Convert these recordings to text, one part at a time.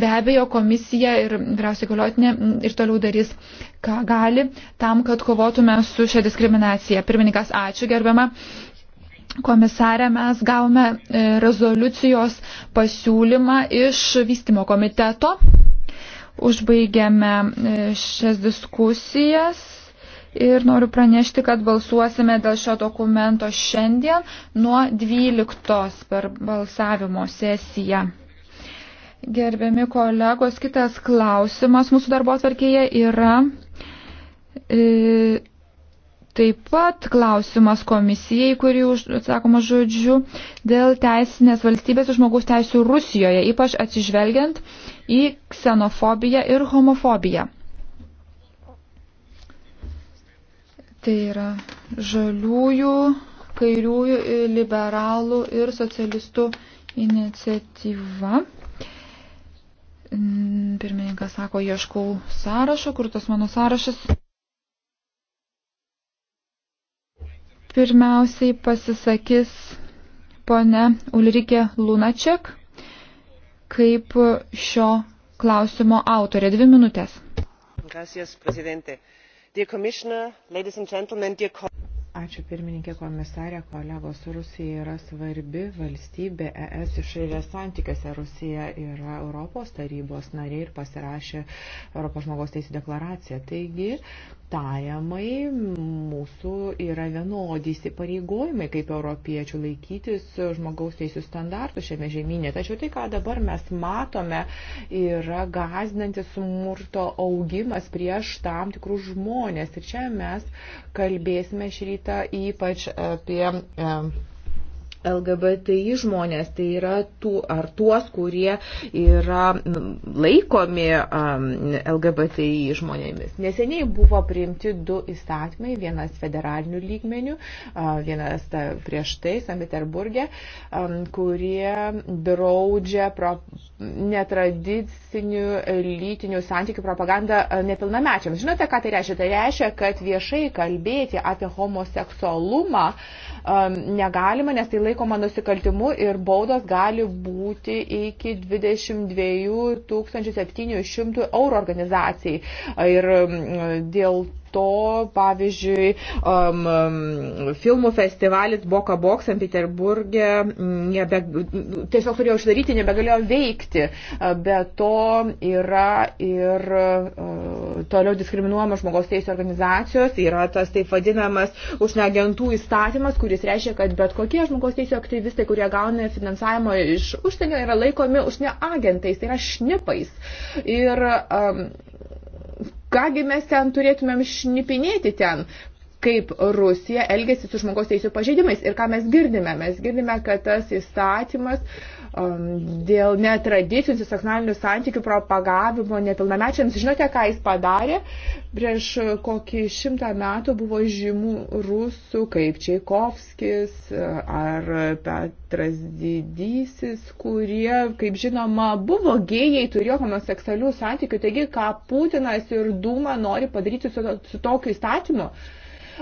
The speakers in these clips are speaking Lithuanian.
Be abejo, komisija ir vyriausiai galiotinė ir toliau darys, ką gali, tam, kad kovotume su šia diskriminacija. Pirmininkas, ačiū gerbiama. Komisarė, mes gavome e, rezoliucijos pasiūlymą iš vystimo komiteto. Užbaigėme e, šias diskusijas ir noriu pranešti, kad balsuosime dėl šio dokumento šiandien nuo 12 per balsavimo sesiją. Gerbiami kolegos, kitas klausimas mūsų darbo atvarkėje yra e, taip pat klausimas komisijai, kuri atsakoma žodžiu dėl teisinės valstybės ir žmogaus teisų Rusijoje, ypač atsižvelgiant į ksenofobiją ir homofobiją. Tai yra žaliųjų, kairiųjų, liberalų ir socialistų iniciatyva. Mm, pirmininkas sako, ieškau sąrašo, kur tas mano sąrašas. Pirmiausiai pasisakys ponia Ulrike Lunaček kaip šio klausimo autorė. Dvi minutės. Gracias, Ačiū pirmininkė komisarė, kolegos. Rusija yra svarbi valstybė ES išorės santykiuose. Rusija yra Europos tarybos narė ir pasirašė Europos žmogaus teisų deklaraciją. Taigi tariamai mūsų yra vienodi įsipareigojimai kaip europiečių laikytis žmogaus teisų standartų šiame žemynė. Tačiau tai, ką dabar mes matome, yra gazdinantis smurto augimas prieš tam tikrus žmonės. Ir čia mes kalbėsime šį rytą ypač apie. E, LGBTI žmonės, tai yra tų, ar tuos, kurie yra laikomi LGBTI žmonėmis. Neseniai buvo priimti du įstatymai, vienas federalinių lygmenių, vienas prieš tai, St. Peterburgė, kurie draudžia pro netradicinių lytinių santykių propagandą nepilnamečiams. Žinote, ką tai reiškia? Tai reiškia, kad viešai kalbėti apie homoseksualumą negalima, nes tai laikoma laikoma nusikaltimu ir baudos gali būti iki 22 700 eurų organizacijai. Ir mm, dėl to, pavyzdžiui, um, um, filmų festivalis Boka Boks St. Peterburgė mm, nebe, tiesiog turėjo uždaryti, nebegalėjo veikti. Be to yra ir uh, toliau diskriminuojama žmogaus teisų organizacijos, yra tas taip vadinamas užsienio agentų įstatymas, kuris reiškia, kad bet kokie žmogaus teisų aktyvistai, kurie gauna finansavimo iš užsienio, yra laikomi užsienio agentais, tai yra šnipais. Ir um, kągi mes ten turėtumėm šnipinėti ten, kaip Rusija elgesi su žmogaus teisų pažeidimais. Ir ką mes girdime? Mes girdime, kad tas įstatymas uh, Um, dėl netradicinių seksualinių santykių propagavimo nepilnamečiams. Žinote, ką jis padarė? Prieš kokį šimtą metų buvo žymų rusų, kaip Čaikovskis uh, ar Petras Didysis, kurie, kaip žinoma, buvo gėjai, turėjo homoseksualių santykių. Taigi, ką Putinas ir Duma nori padaryti su, su tokiu įstatymu?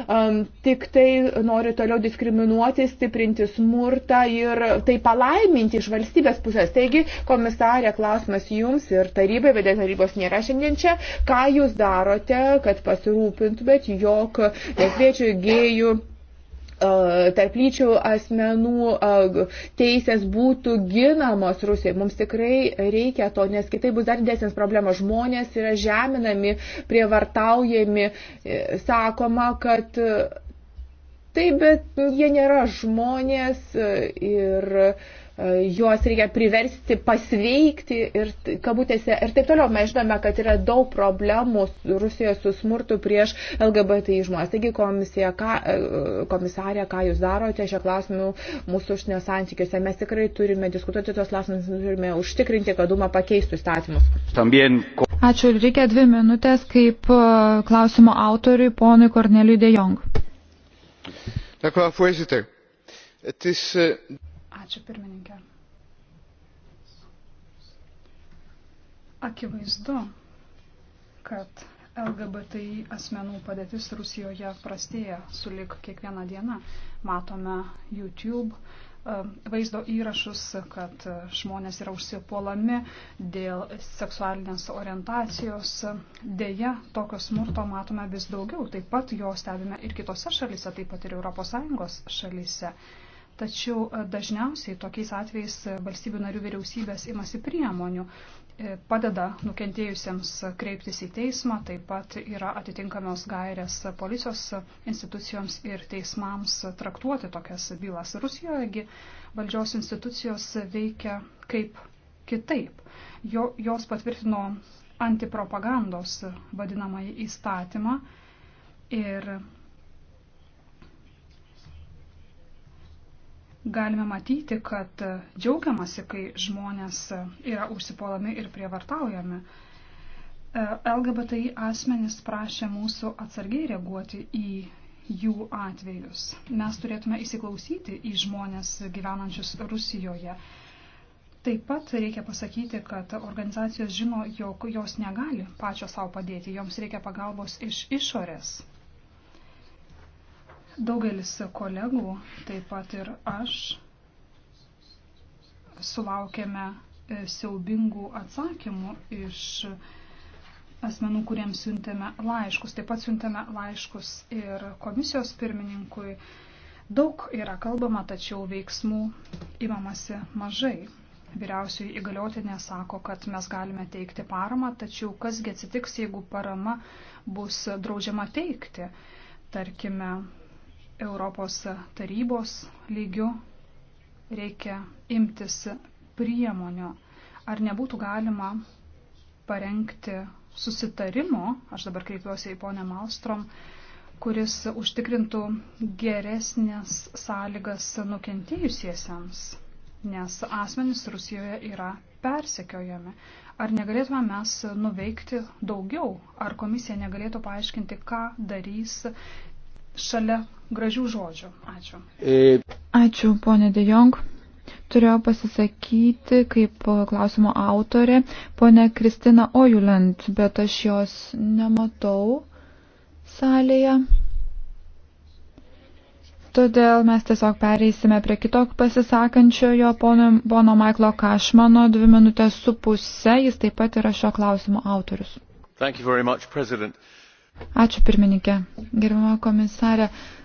um, tik tai nori toliau diskriminuoti, stiprinti smurtą ir tai palaiminti iš valstybės pusės. Taigi, komisarė, klausimas jums ir tarybai, bet tarybos nėra šiandien čia, ką jūs darote, kad pasirūpintumėt, jog lesbiečių, gėjų, tarplyčių asmenų teisės būtų ginamos Rusijai. Mums tikrai reikia to, nes kitaip bus dar didesnis problemas. Žmonės yra žeminami, prievartaujami, e, sakoma, kad e, taip, bet jie nėra žmonės e, ir uh, juos reikia priversti pasveikti ir kabutėse ir taip toliau. Mes žinome, kad yra daug problemų Rusijoje su smurtu prieš LGBT žmonės. Taigi, komisija, ką, e, komisarė, ką jūs darote šio klausimu mūsų užsienio santykiuose? Mes tikrai turime diskutuoti tos klausimus, turime užtikrinti, kad Duma pakeistų įstatymus. Tambien... Ačiū, reikia dvi minutės kaip e, klausimo autoriui, ponui Korneliui De Jong. Dank u wel, voorzitter. Het is uh, Ačiū pirmininkė. Akivaizdu, kad LGBTI asmenų padėtis Rusijoje prastėja sulik kiekvieną dieną. Matome YouTube e, vaizdo įrašus, kad žmonės yra užsipuolami dėl seksualinės orientacijos. Deja, tokio smurto matome vis daugiau. Taip pat jo stebime ir kitose šalise, taip pat ir ES šalise. Tačiau e, dažniausiai tokiais atvejais e, valstybių narių vyriausybės imasi priemonių, e, padeda nukentėjusiems kreiptis į teismą, taip pat yra atitinkamos gairės policijos institucijoms ir teismams traktuoti tokias bylas. Rusijojegi valdžios institucijos veikia kaip kitaip. Jo, jos patvirtino antipropagandos vadinamąjį įstatymą ir galime matyti, kad džiaugiamasi, kai žmonės e, yra užsipuolami ir prievartaujami. E, LGBTI asmenys prašė mūsų atsargiai reaguoti į jų atvejus. Mes turėtume įsiklausyti į žmonės gyvenančius Rusijoje. Taip pat reikia pasakyti, kad organizacijos žino, jog jos negali pačios savo padėti, joms reikia pagalbos iš išorės. Daugelis kolegų, taip pat ir aš, sulaukėme e, siaubingų atsakymų iš asmenų, kuriems siuntėme laiškus. Taip pat siuntėme laiškus ir komisijos pirmininkui. Daug yra kalbama, tačiau veiksmų imamasi mažai. Vyriausiai įgaliotinė sako, kad mes galime teikti paramą, tačiau kasgi atsitiks, jeigu parama bus draudžiama teikti. Tarkime, Europos tarybos lygių reikia imtis priemonių. Ar nebūtų galima parengti susitarimo, aš dabar kreipiuosi į ponę Malstrom, kuris užtikrintų geresnės sąlygas nukentėjusiesiems, nes asmenys Rusijoje yra persekiojami. Ar negalėtume mes nuveikti daugiau? Ar komisija negalėtų paaiškinti, ką darys šalia gražių žodžių. Ačiū. E, Ačiū, ponė De Jong. Turėjau pasisakyti kaip klausimo autorė ponė Kristina Ojuland, bet aš jos nematau salėje. Todėl mes tiesiog pereisime prie kito pasisakančiojo pono, pono Maiklo Kašmano dvi minutės su pusė. Jis taip pat yra šio klausimo autorius. Much, President. Ačiū pirmininkė. Gerbama komisarė. Uh,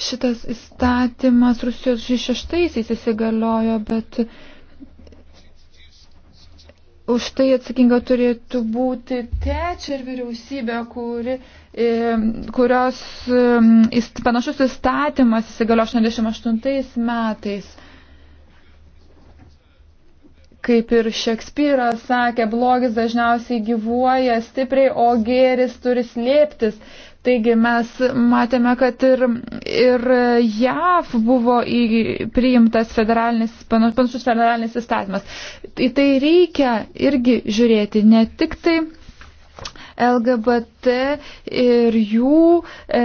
šitas įstatymas Rusijos 66-aisiais įsigaliojo, bet už tai atsakinga turėtų būti trečia ir vyriausybė, kuri, e, kurios panašus įstatymas įsigalio 88 metais. Kaip ir Šekspyras sakė, blogis dažniausiai gyvuoja stipriai, o gėris turi slėptis. Taigi mes matėme, kad ir, ir JAV buvo į, priimtas federalinis, panašus federalinis įstatymas. Į tai reikia irgi žiūrėti, ne tik tai LGBT ir jų e,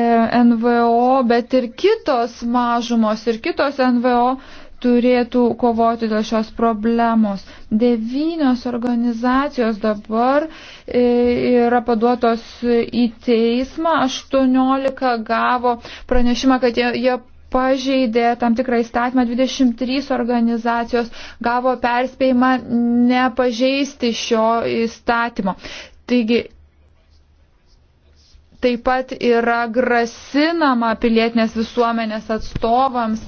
NVO, bet ir kitos mažumos ir kitos NVO turėtų kovoti dėl šios problemos. Devynios organizacijos dabar e, yra paduotos į teismą, 18 gavo pranešimą, kad jie, jie pažeidė tam tikrą įstatymą, 23 organizacijos gavo perspėjimą nepažeisti šio įstatymo. Taigi taip pat yra grasinama pilietinės visuomenės atstovams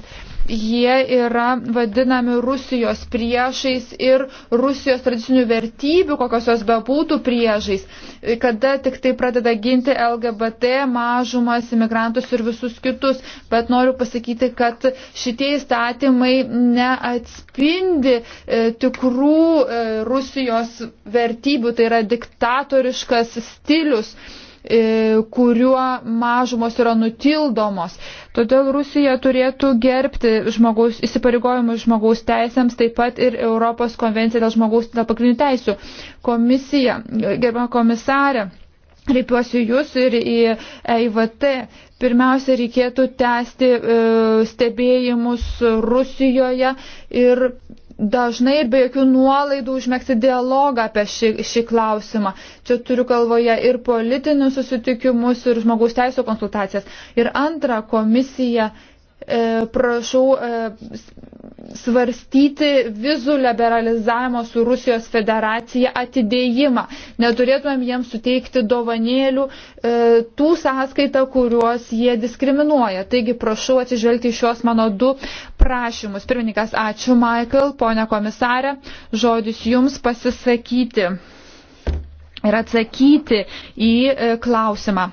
jie yra vadinami Rusijos priešais ir Rusijos tradicinių vertybių, kokios jos bebūtų priežais, kada tik tai pradeda ginti LGBT mažumas, imigrantus ir visus kitus. Bet noriu pasakyti, kad šitie įstatymai neatspindi e, tikrų e, Rusijos vertybių, tai yra diktatoriškas stilius. E, E, kuriuo mažumos yra nutildomos. Todėl Rusija turėtų gerbti žmogaus, įsipareigojimus žmogaus teisėms, taip pat ir Europos konvenciją dėl žmogaus dėl pagrindinių teisių. Komisija, gerbama komisarė, kreipiuosi jūs ir į EIVT. Pirmiausia, reikėtų tęsti e, stebėjimus Rusijoje ir dažnai ir be jokių nuolaidų užmėgti dialogą apie šį, šį klausimą. Čia turiu galvoje ir politinius susitikimus, ir žmogaus teisų konsultacijas. Ir antra, komisija, e, prašau, e, svarstyti vizų liberalizavimo su Rusijos federacija atidėjimą. Neturėtumėm jiems suteikti dovanėlių e, tų sąskaitą, kuriuos jie diskriminuoja. Taigi prašau atsižvelgti į šios mano du prašymus. Pirmininkas, ačiū Michael, ponia komisarė, žodis jums pasisakyti ir atsakyti į e, klausimą.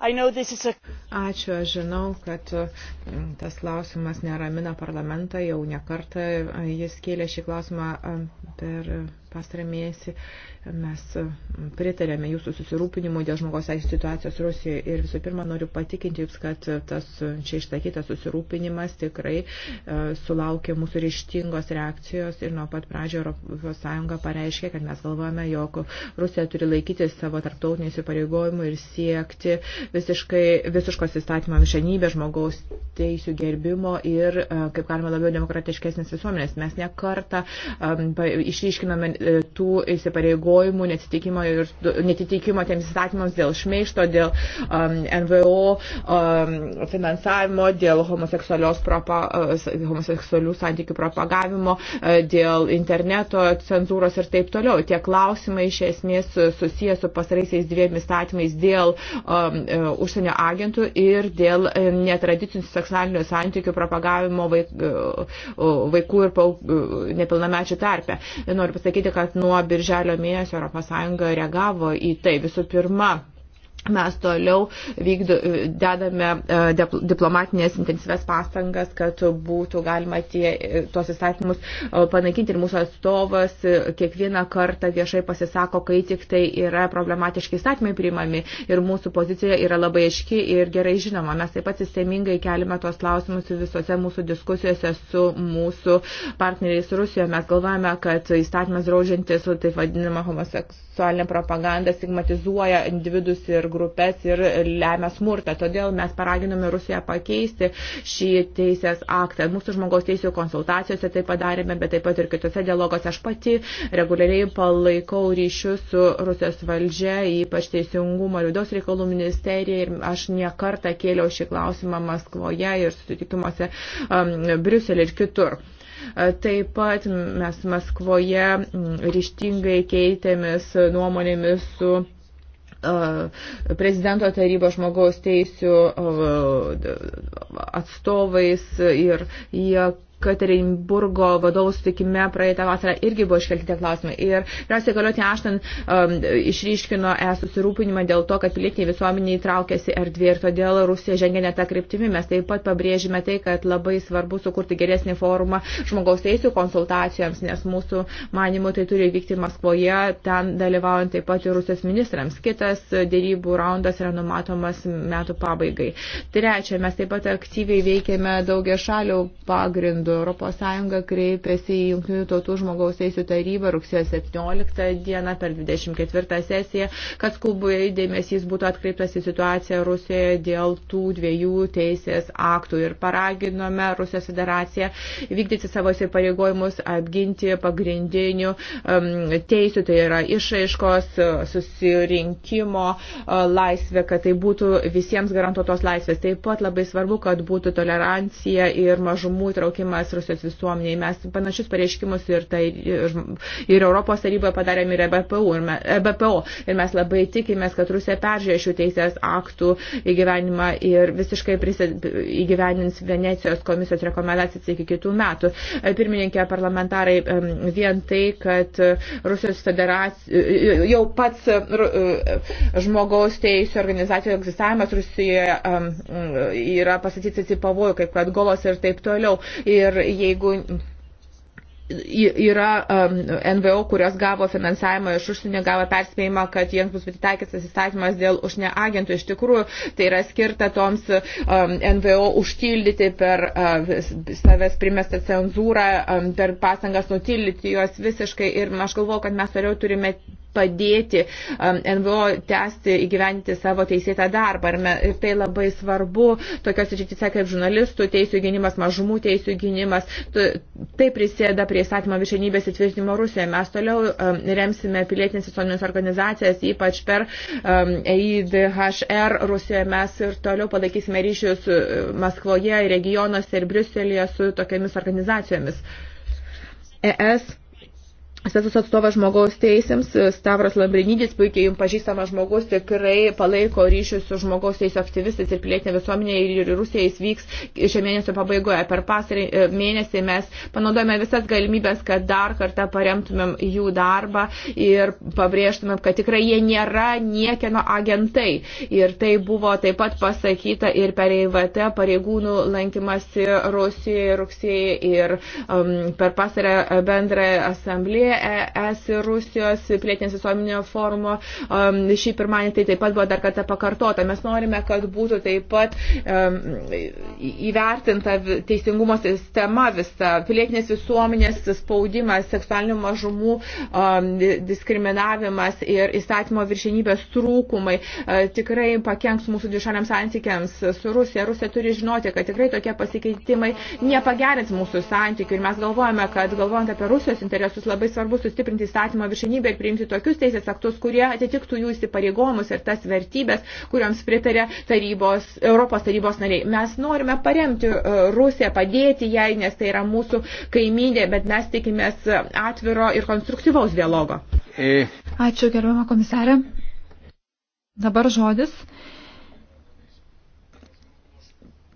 Ačiū, aš žinau, kad mm, tas klausimas neramina parlamentą, jau nekartą e, jis kėlė šį klausimą e, per pastarėmėsi mes e, pritarėme jūsų susirūpinimui dėl žmogaus teisų situacijos Rusijoje ir visų pirma noriu patikinti jums, kad e, tas e, čia išsakytas susirūpinimas tikrai sulaukė mūsų ryštingos reakcijos ir nuo pat pradžio ES pareiškė, kad mes galvojame, jog Rusija turi laikytis savo tarptautinių įsipareigojimų ir siekti visiškai, visiškos įstatymą viršenybę žmogaus teisų gerbimo ir kaip galima labiau demokratiškesnės visuomenės. Mes nekartą um, išryškinome E, tų įsipareigojimų netitikimo, ir, netitikimo tiems įstatymams dėl šmeišto, dėl um, NVO um, finansavimo, dėl propa, uh, homoseksualių santykių propagavimo, uh, dėl interneto cenzūros ir taip toliau. Tie klausimai iš esmės susijęs su pasaraisiais dviem įstatymais dėl um, užsienio agentų ir dėl um, netradicinių seksualinių santykių propagavimo vaik, uh, vaikų ir nepilnamečių tarpe. Noriu pasakyti, kad nuo birželio mėnesio ES reagavo į tai. Visų pirma, Mes toliau vykdu, dedame e, diplomatinės intensyves pastangas, kad būtų galima tie, e, tuos įstatymus e, panaikinti ir mūsų atstovas kiekvieną kartą viešai pasisako, kai tik tai yra problematiški įstatymai priimami ir mūsų pozicija yra labai aiški ir gerai žinoma. Mes taip pat sistemingai keliame tuos klausimus visose mūsų diskusijose su mūsų partneriais Rusijoje. Mes galvojame, kad įstatymas draužiantis taip vadinamą homoseksualinę propagandą stigmatizuoja individus ir grupės ir lemia smurtą. Todėl mes paraginome Rusiją pakeisti šį teisės aktą. Mūsų žmogaus teisų konsultacijose tai padarėme, bet taip pat ir kitose dialogose aš pati reguliariai palaikau ryšius su Rusijos valdžia, ypač teisingumo ir vidaus reikalų ministerija ir aš niekartą kėliau šį klausimą Maskvoje ir susitikimuose um, Briuselė ir kitur. Taip pat mes Maskvoje mm, ryštingai keitėmis nuomonėmis su prezidento tarybos žmogaus teisų atstovais ir jie Katerinburgo vadovų sutikime praeitą vasarą irgi buvo iškelti tie klausimai. Ir vyriausiai galiuoti Aštan um, išryškino es susirūpinimą dėl to, kad pilietiniai visuomeniai traukiasi erdvė ir todėl Rusija žengia ne tą kryptimį. Mes taip pat pabrėžime tai, kad labai svarbu sukurti geresnį forumą žmogaus teisų konsultacijoms, nes mūsų manimu tai turi vykti Maskvoje, ten dalyvaujant taip pat ir Rusijos ministrams. Kitas dėrybų raundas yra numatomas metų pabaigai. Trečia, mes taip pat aktyviai veikiame daugia šalių pagrindų ES kreipėsi į Junktinių tautų žmogaus teisų tarybą rugsėjo 17 dieną per 24 sesiją, kad skubai dėmesys būtų atkreiptas į situaciją Rusijoje dėl tų dviejų teisės aktų ir paraginome Rusijos federaciją vykdyti savo įsipareigojimus apginti pagrindinių um, teisų, tai yra išaiškos susirinkimo uh, laisvė, kad tai būtų visiems garantuotos laisvės. Taip pat labai svarbu, kad būtų tolerancija ir mažumų įtraukimas atstovavimas Rusijos visuomeniai. Mes panašius pareiškimus ir, tai, ir, ir Europos taryboje padarėme ir EBPO. Ir, me, EBPO. ir mes labai tikimės, kad Rusija peržiūrė šių teisės aktų įgyvenimą ir visiškai prisid, įgyvenins Venecijos komisijos rekomendacijas iki kitų metų. E, pirmininkė parlamentarai vien tai, kad Rusijos federacija, e, e, jau pats žmogaus teisų organizacijos egzistavimas Rusijoje yra pasakytas į pavojų, kaip kad golos ir taip toliau. Ir ir jeigu yra um, NVO, kurios gavo finansavimą iš užsienio, gavo perspėjimą, kad jiems bus pritaikytas įstatymas dėl užsienio agentų. Iš tikrųjų, tai yra skirta toms um, NVO užtildyti per uh, savęs primestą cenzūrą, um, per pasangas nutildyti juos visiškai. Ir aš galvoju, kad mes toliau turime padėti um, NVO tęsti įgyventi savo teisėtą darbą. Ir tai labai svarbu tokios rytise kaip žurnalistų teisų gynimas, mažumų teisų gynimas. Tai prisėda prie statymo viršenybės įtvirtinimo Rusijoje. Mes toliau um, remsime pilietinės visuomenės organizacijas, ypač per um, EIDHR Rusijoje. Mes ir toliau palaikysime ryšius uh, Maskvoje, regionuose ir Briuselėje su tokiamis organizacijomis. ES Svetus atstovas žmogaus teisėms, e, Stavras Lambrinydis, puikiai jums pažįstamas žmogus, tikrai palaiko ryšius su žmogaus teisų aktyvistais ir pilietinė visuomenė ir Rusija jis vyks šio mėnesio pabaigoje. Per pasarį e, mėnesį mes panaudojame visas galimybės, kad dar kartą paremtumėm jų darbą ir pabrėžtumėm, kad tikrai jie nėra niekieno agentai. Ir tai buvo taip pat pasakyta ir per EIVT pareigūnų lankymasi Rusijoje rugsėjai ir um, per pasarę bendrąją asamblėją narė ES ir Rusijos pilietinės visuomenio forumo um, šį pirmanį, tai taip pat buvo dar kartą pakartota. Mes norime, kad būtų taip pat um, įvertinta teisingumo sistema visa, pilietinės visuomenės spaudimas, seksualinių mažumų um, diskriminavimas ir įstatymo viršenybės trūkumai uh, tikrai pakenks mūsų dvišaliams santykiams su Rusija. Rusija turi žinoti, kad tikrai tokie pasikeitimai nepagerins mūsų santykių ir mes galvojame, kad galvojant apie Rusijos interesus labai svarbu svarbu sustiprinti įstatymo viršinybę ir priimti tokius teisės aktus, kurie atitiktų jų įsipareigojimus ir tas vertybės, kuriams pritarė tarybos, Europos tarybos nariai. Mes norime paremti e, Rusiją, padėti jai, nes tai yra mūsų kaimynė, bet mes tikimės atviro ir konstruktyvaus dialogo. E. Ačiū, gerbama komisarė. Dabar žodis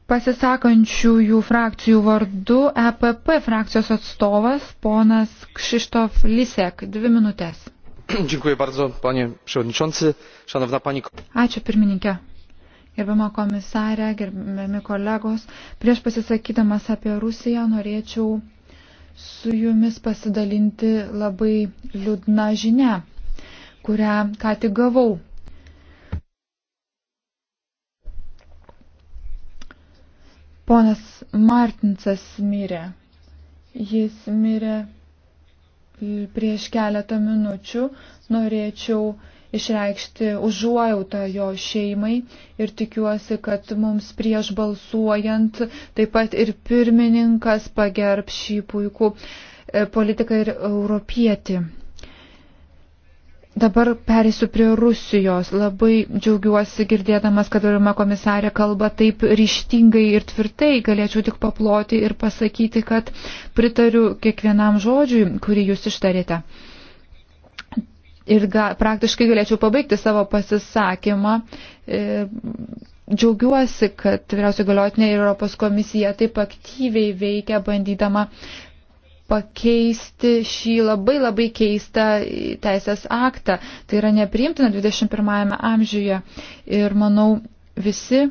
Pasisakančiųjų frakcijų vardu EPP frakcijos atstovas ponas Krzysztof Lisek. Dvi minutės. Dziękuję bardzo, panie przewodniczący, szanowna pani. Ačiū pirmininkė. Gerbama komisarė, gerbiami kolegos, prieš pasisakydamas apie Rusiją norėčiau su jumis pasidalinti labai liūdna žinia, kurią ką tik gavau. Ponas Martinsas mirė. Jis mirė prieš keletą minučių. Norėčiau išreikšti užuojautą jo šeimai ir tikiuosi, kad mums prieš balsuojant taip pat ir pirmininkas pagerb šį puikų e, politiką ir europietį. Dabar perėsiu prie Rusijos. Labai džiaugiuosi girdėdamas, kad turima komisarė kalba taip ryštingai ir tvirtai. Galėčiau tik paploti ir pasakyti, kad pritariu kiekvienam žodžiui, kurį jūs ištarėte. Ir ga, praktiškai galėčiau pabaigti savo pasisakymą. E, džiaugiuosi, kad vyriausiai galiotinė ir Europos komisija taip aktyviai veikia, bandydama pakeisti šį labai labai keistą teisės aktą. Tai yra nepriimtina 21 amžiuje. Ir manau, visi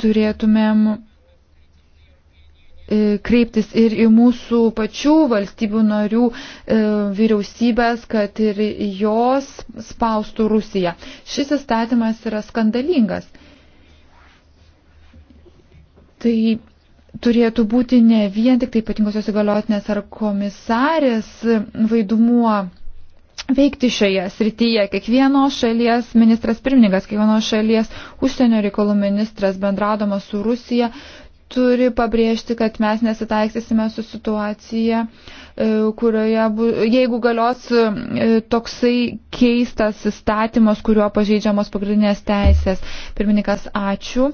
turėtumėm e, kreiptis ir į mūsų pačių valstybių narių e, vyriausybės, kad ir jos spaustų Rusiją. Šis įstatymas yra skandalingas. Tai turėtų būti ne vien tik tai ypatingosios įgaliotinės ar komisarės vaidumuo veikti šioje srityje. Kiekvienos šalies ministras pirmininkas, kiekvienos šalies užsienio reikalų ministras bendraudamas su Rusija turi pabrėžti, kad mes nesitaiksime su situacija, e, kurioje, bu, jeigu galios e, toksai keistas įstatymas, kuriuo pažeidžiamos pagrindinės teisės. Pirmininkas, ačiū.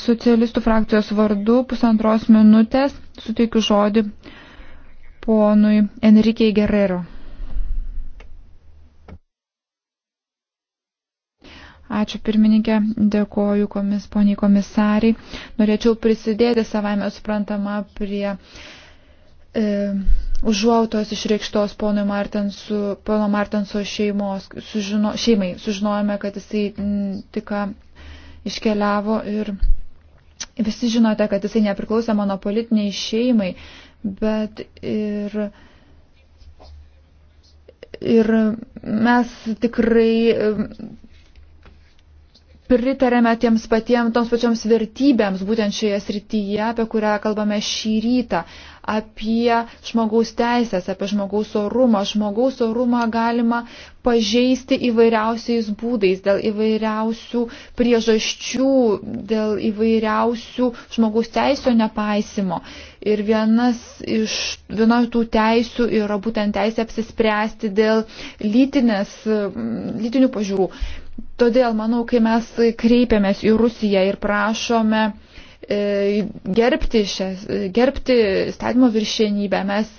Socialistų frakcijos vardu pusantros minutės suteikiu žodį ponui Enrique Guerrero. Ačiū pirmininkė, dėkoju komis, poniai komisariai. Norėčiau prisidėti savaime suprantama prie e, užuautos išreikštos pono Martenso, pono Martenso šeimos, sužino, šeimai. Sužinojome, kad jisai tik iškeliavo ir visi žinote, kad jisai nepriklausė mano politiniai šeimai, bet ir. Ir mes tikrai pritarėme tiems patiems, toms pačioms vertybėms, būtent šioje srityje, apie kurią kalbame šį rytą, apie žmogaus teisės, apie žmogaus orumą. Žmogaus orumą galima pažeisti įvairiausiais būdais, dėl įvairiausių priežasčių, dėl įvairiausių žmogaus teisio nepaisimo. Ir vienas iš, viena tų teisių yra būtent teisė apsispręsti dėl lytinės, lytinių pažiūrų. Todėl, manau, kai mes kreipiamės į Rusiją ir prašome e, gerbti, šias, gerbti statymo viršienybę, mes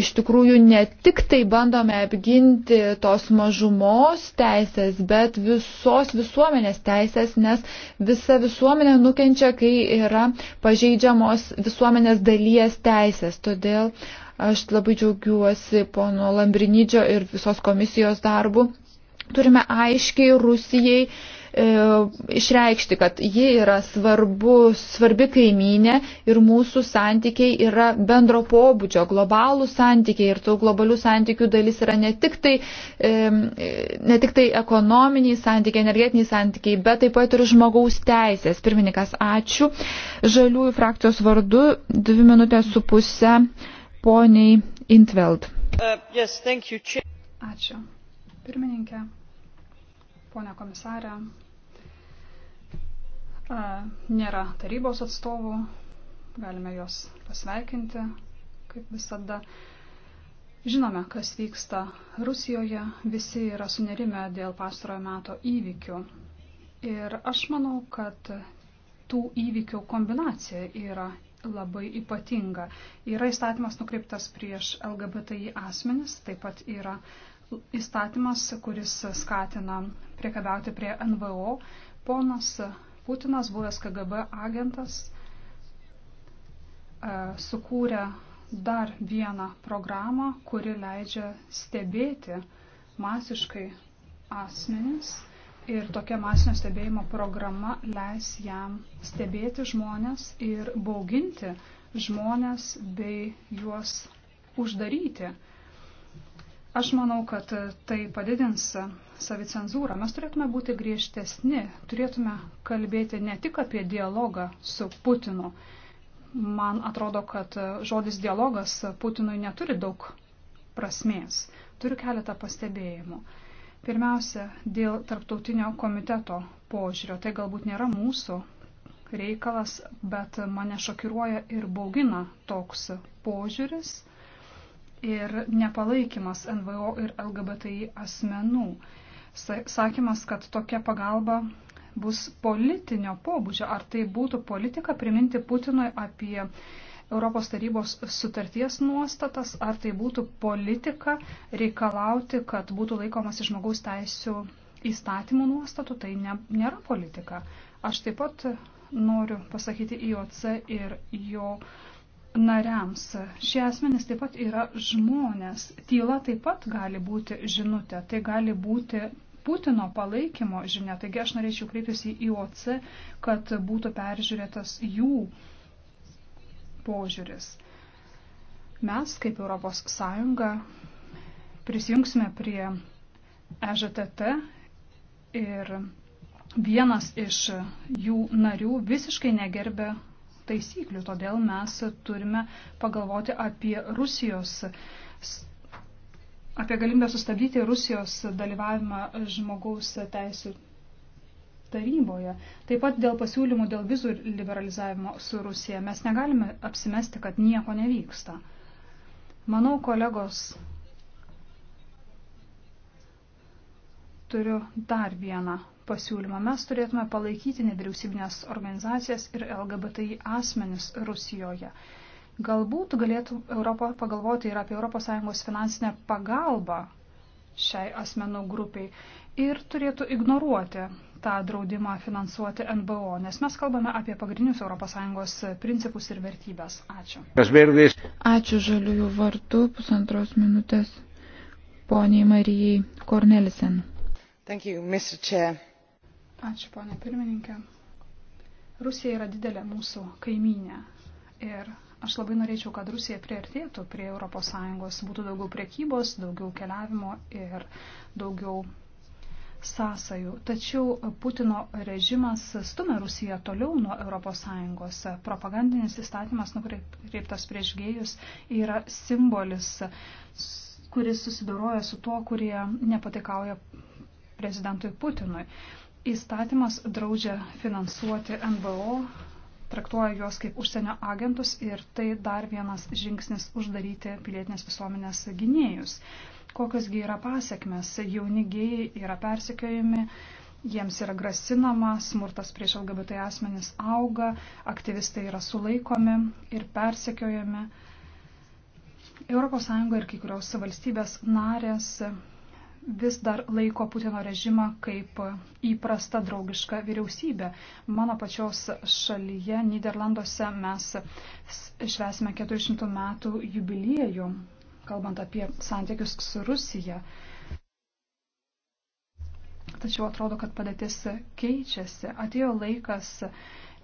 iš tikrųjų ne tik tai bandome apginti tos mažumos teisės, bet visos visuomenės teisės, nes visa visuomenė nukenčia, kai yra pažeidžiamos visuomenės dalies teisės. Todėl aš labai džiaugiuosi pono Lambrinidžio ir visos komisijos darbų turime aiškiai Rusijai e, išreikšti, kad ji yra svarbu, svarbi kaiminė ir mūsų santykiai yra bendro pobūdžio, globalų santykiai ir tų globalių santykių dalis yra ne tik tai, e, ne tik tai ekonominiai santykiai, energetiniai santykiai, bet taip pat ir žmogaus teisės. Pirmininkas, ačiū. Žaliųjų frakcijos vardu dvi minutės su pusę poniai Intveld. Uh, yes, Ačiū. Pirmininkė. Pone komisarė, nėra tarybos atstovų, galime juos pasveikinti, kaip visada. Žinome, kas vyksta Rusijoje, visi yra sunerime dėl pastarojo meto įvykių. Ir aš manau, kad tų įvykių kombinacija yra labai ypatinga. Yra įstatymas nukreiptas prieš LGBTI asmenis, taip pat yra uh, įstatymas, kuris skatina priekabiauti prie NVO. Ponas Putinas, buvęs KGB agentas, e, sukūrė dar vieną programą, kuri leidžia stebėti masiškai asmenis. Ir tokia masinio stebėjimo programa leis jam stebėti žmonės ir bauginti žmonės bei juos uždaryti. Aš manau, kad tai padidins savicenzūrą. Mes turėtume būti griežtesni, turėtume kalbėti ne tik apie dialogą su Putinu. Man atrodo, kad žodis dialogas Putinui neturi daug prasmės. Turiu keletą pastebėjimų. Pirmiausia, dėl tarptautinio komiteto požiūrio. Tai galbūt nėra mūsų reikalas, bet mane šokiruoja ir baugina toks požiūris ir nepalaikymas NVO ir LGBTI asmenų. Sakymas, kad tokia pagalba bus politinio pobūdžio, ar tai būtų politika priminti Putinui apie Europos tarybos sutarties nuostatas, ar tai būtų politika reikalauti, kad būtų laikomas žmogaus teisų įstatymų nuostatų, tai ne, nėra politika. Aš taip pat noriu pasakyti IOC ir jo uh, nariams. Šie asmenys taip pat yra žmonės. Tyla taip pat gali būti žinutė, tai gali būti Putino palaikymo žinia. Taigi aš norėčiau kreiptis į IOC, kad būtų peržiūrėtas jų požiūris. Mes, kaip Europos Sąjunga, prisijungsime prie EŽTT ir vienas iš jų narių visiškai negerbė taisyklių, todėl mes turime pagalvoti apie Rusijos, apie galimybę sustabdyti Rusijos dalyvavimą žmogaus teisų taryboje. Taip pat dėl pasiūlymų dėl vizų liberalizavimo su Rusija mes negalime apsimesti, kad nieko nevyksta. Manau, kolegos, turiu dar vieną pasiūlymą. Mes turėtume palaikyti nevyriausybinės organizacijas ir LGBTI asmenis Rusijoje. Galbūt galėtų Europą pagalvoti ir apie ES finansinę pagalbą šiai asmenų grupiai ir turėtų ignoruoti tą draudimą finansuoti NBO, nes mes kalbame apie pagrindinius ES principus ir vertybės. Ačiū. Ačiū žaliųjų vartų pusantros minutės poniai Marijai Kornelisen. Thank you, Mr. Chair. Ačiū, ponė pirmininkė. Rusija yra didelė mūsų kaiminė. Ir aš labai norėčiau, kad Rusija priartėtų prie ES, būtų daugiau priekybos, daugiau keliavimo ir daugiau sąsajų. Tačiau Putino režimas stumia Rusiją toliau nuo ES. Propagandinis įstatymas nukreiptas prieš gėjus yra simbolis, kuris susidoroja su tuo, kurie nepatikauja prezidentui Putinui. Įstatymas draudžia finansuoti NVO, traktuoja juos kaip užsienio agentus ir tai dar vienas žingsnis uždaryti pilietinės visuomenės gynėjus. Kokiosgi yra pasiekmes? Jauni gėjai yra persekiojami, jiems yra grasinama, smurtas prieš LGBT asmenis auga, aktyvistai yra sulaikomi ir persekiojami. ES ir kai kurios valstybės narės vis dar laiko Putino režimą kaip įprasta draugiška vyriausybė. Mano pačios šalyje, Niderlanduose, mes švesime 400 metų jubiliejų, kalbant apie santykius su Rusija. Tačiau atrodo, kad padėtis keičiasi. Atėjo laikas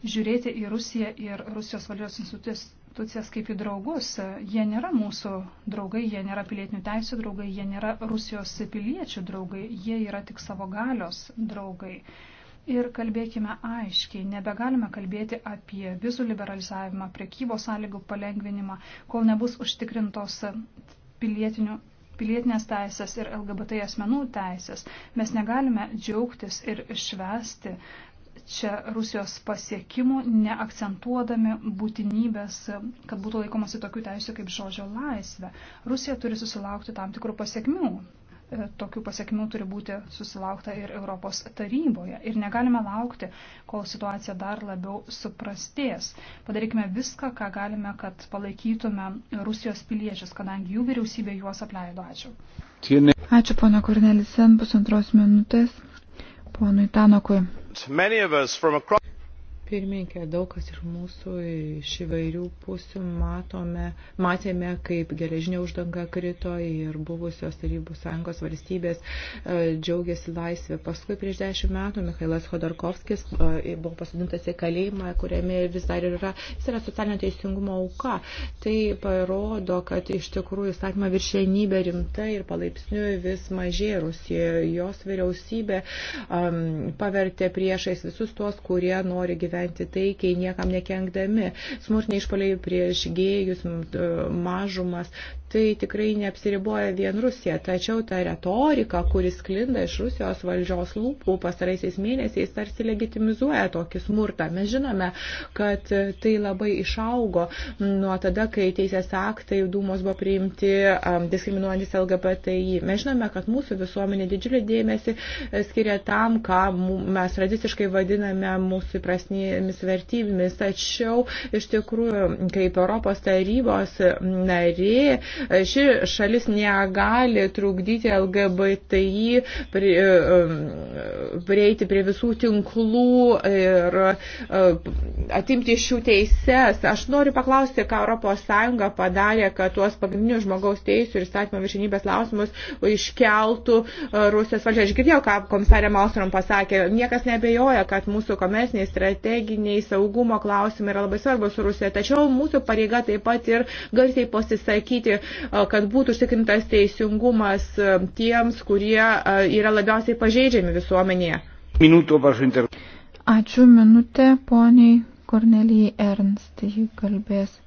žiūrėti į Rusiją ir Rusijos valdžios institucijas institucijas kaip į draugus. Jie nėra mūsų draugai, jie nėra pilietinių teisų draugai, jie nėra Rusijos piliečių draugai, jie yra tik savo galios draugai. Ir kalbėkime aiškiai, nebegalime kalbėti apie vizų liberalizavimą, priekybos sąlygų palengvinimą, kol nebus užtikrintos pilietinės teisės ir LGBT asmenų teisės. Mes negalime džiaugtis ir švesti čia Rusijos pasiekimų, neakcentuodami būtinybės, kad būtų laikomasi tokių teisų kaip žodžio laisvė. Rusija turi susilaukti tam tikrų pasiekmių. E, tokių pasiekmių turi būti susilaukta ir Europos taryboje. Ir negalime laukti, kol situacija dar labiau suprastės. Padarykime viską, ką galime, kad palaikytume Rusijos piliečius, kadangi jų vyriausybė juos apleido. Ačiū. Ačiū, pono Kornelis, pusantros minutės ponui Tanokui. Pirmininkė, daug kas iš mūsų iš įvairių pusių matome, matėme, kaip geležinė uždanga krito ir buvusios Tarybų sąjungos valstybės e, džiaugiasi laisvė. Paskui prieš dešimt metų Mikhailas Khodorkovskis e, buvo pasodintas į kalėjimą, kuriame vis dar yra, jis yra socialinio teisingumo auka. Tai parodo, kad iš tikrųjų įstatymą viršienybė rimta ir palaipsniui vis mažėja Rusija. Jos vyriausybė um, pavertė priešais visus tuos, kurie nori gyventi gyventi taikiai, niekam nekenkdami. Smurtiniai išpoliai prieš gėjus, mažumas, tai tikrai neapsiriboja vien Rusija. Tačiau ta retorika, kuris klinda iš Rusijos valdžios lūpų pastaraisiais mėnesiais, tarsi legitimizuoja tokį smurtą. Mes žinome, kad tai labai išaugo nuo tada, kai teisės aktai Dūmos buvo priimti diskriminuojantis LGBTI. Mes žinome, kad mūsų visuomenė didžiulį dėmesį skiria tam, ką mes tradiciškai vadiname mūsų įprasnį pagrindinėmis vertybėmis. Tačiau iš tikrųjų, kaip Europos tarybos narė, ši šalis negali trukdyti LGBTI prie, um, prieiti prie visų tinklų ir uh, atimti iš jų teises. Aš noriu paklausti, ką ES padarė, kad tuos pagrindinius žmogaus teisų ir įstatymo viršinybės klausimus iškeltų uh, Rusijos valdžia. Aš girdėjau, ką komisarė Malstrom pasakė. Niekas nebejoja, kad mūsų komerciniai strategijai strateginiai saugumo klausimai yra labai svarbus Rusija. Tačiau mūsų pareiga taip pat ir garsiai pasisakyti, kad būtų užtikrintas teisingumas tiems, kurie yra labiausiai pažeidžiami visuomenėje. Minuto, inter... Ačiū minutę poniai Kornelijai Ernst, ji kalbės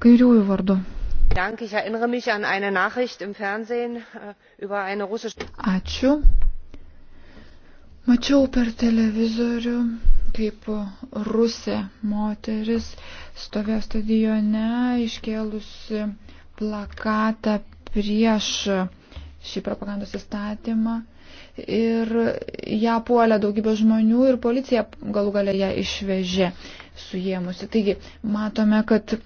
kairiųjų vardu. Ich erinnere mich an eine Nachricht im Fernsehen äh, über eine russische. Ačiū. Mačiau per televizorių kaip rusė moteris stovėjo stadione iškėlusi plakatą prieš šį propagandos įstatymą ir ją puolė daugybė žmonių ir policija galų galę ją išvežė suėmusi. Taigi matome, kad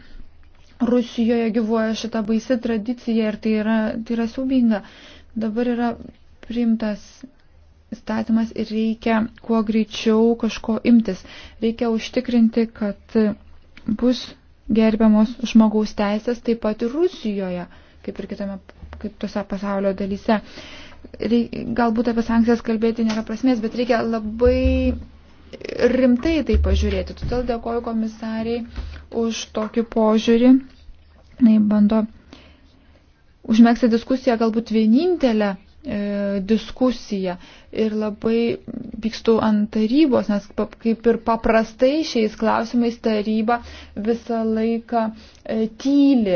Rusijoje gyvuoja šita baisi tradicija ir tai yra, tai yra siubinga. Dabar yra priimtas įstatymas ir reikia kuo greičiau kažko imtis. Reikia užtikrinti, kad bus gerbiamos žmogaus teisės taip pat ir Rusijoje, kaip ir kitame, kaip tose pasaulio dalyse. Reik, galbūt apie sankcijas kalbėti nėra prasmės, bet reikia labai rimtai tai pažiūrėti. Todėl dėkoju komisariai už tokį požiūrį. Na, bando užmėgsti diskusiją galbūt vienintelę E, diskusiją ir labai pykstu ant tarybos, nes kaip ir paprastai šiais klausimais taryba visą laiką e, tyli,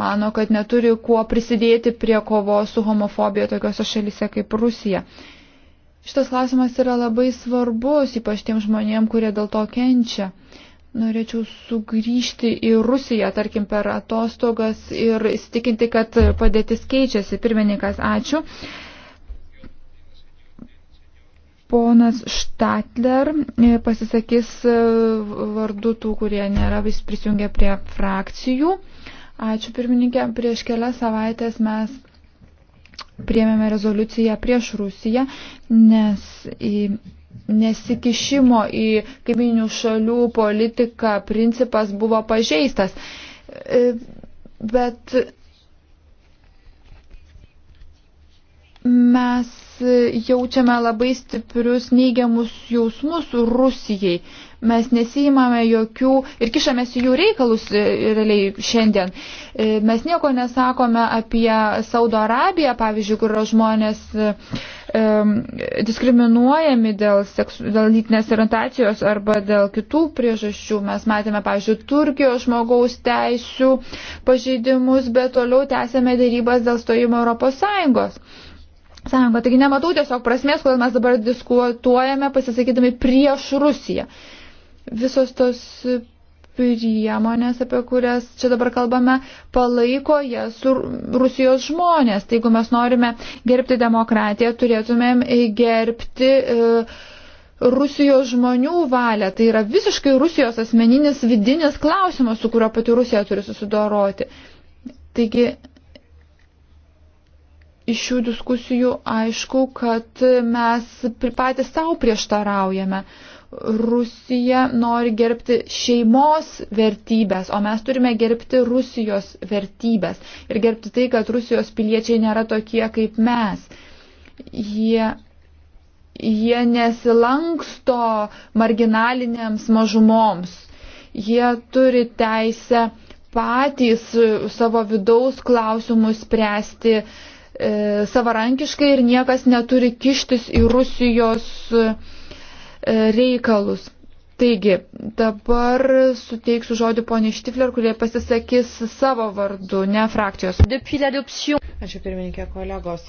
mano, kad neturi kuo prisidėti prie kovos su homofobija tokiuose šalyse kaip Rusija. Šitas klausimas yra labai svarbus, ypač tiem žmonėm, kurie dėl to kenčia. Uh, Norėčiau sugrįžti į Rusiją, tarkim, per atostogas ir įsitikinti, kad padėtis keičiasi. Pirmininkas, ačiū. Ponas Štatler e, pasisakys e, vardu tų, kurie nėra vis prisijungę prie frakcijų. Ačiū pirmininkė. Prieš kelias savaitės mes priėmėme rezoliuciją prieš Rusiją, nes į nesikišimo į kaiminių šalių politiką principas buvo pažeistas. E, bet mes jaučiame labai stiprius neigiamus jausmus Rusijai. Mes nesijimame jokių ir kišamės į jų reikalus e, realiai šiandien. E, mes nieko nesakome apie Saudo Arabiją, pavyzdžiui, kur žmonės um, diskriminuojami dėl, seksu, dėl lytinės orientacijos arba dėl kitų priežasčių. Mes matėme, pavyzdžiui, Turkijos žmogaus teisų pažeidimus, bet toliau tęsėme dėrybas dėl stojimo Europos Sąjungos sąjungą. Taigi nematau tiesiog prasmės, kodėl mes dabar diskutuojame pasisakydami prieš Rusiją. Visos tos priemonės, apie kurias čia dabar kalbame, palaiko jas Rusijos žmonės. Tai jeigu mes norime gerbti demokratiją, turėtumėm gerbti e, Rusijos žmonių valią. Tai yra visiškai Rusijos asmeninis vidinis klausimas, su kurio pati Rusija turi susidoroti. Taigi iš šių diskusijų aišku, kad mes patys savo prieštaraujame. Rusija nori gerbti šeimos vertybės, o mes turime gerbti Rusijos vertybės ir gerbti tai, kad Rusijos piliečiai nėra tokie kaip mes. Jie, jie nesilanksto marginalinėms mažumoms. Jie turi teisę patys savo vidaus klausimus spręsti uh, e, savarankiškai ir niekas neturi kištis į Rusijos e, reikalus. Taigi, dabar suteiksiu žodį poniai Štifler, kurie pasisakys savo vardu, ne frakcijos. Ačiū pirmininkė kolegos.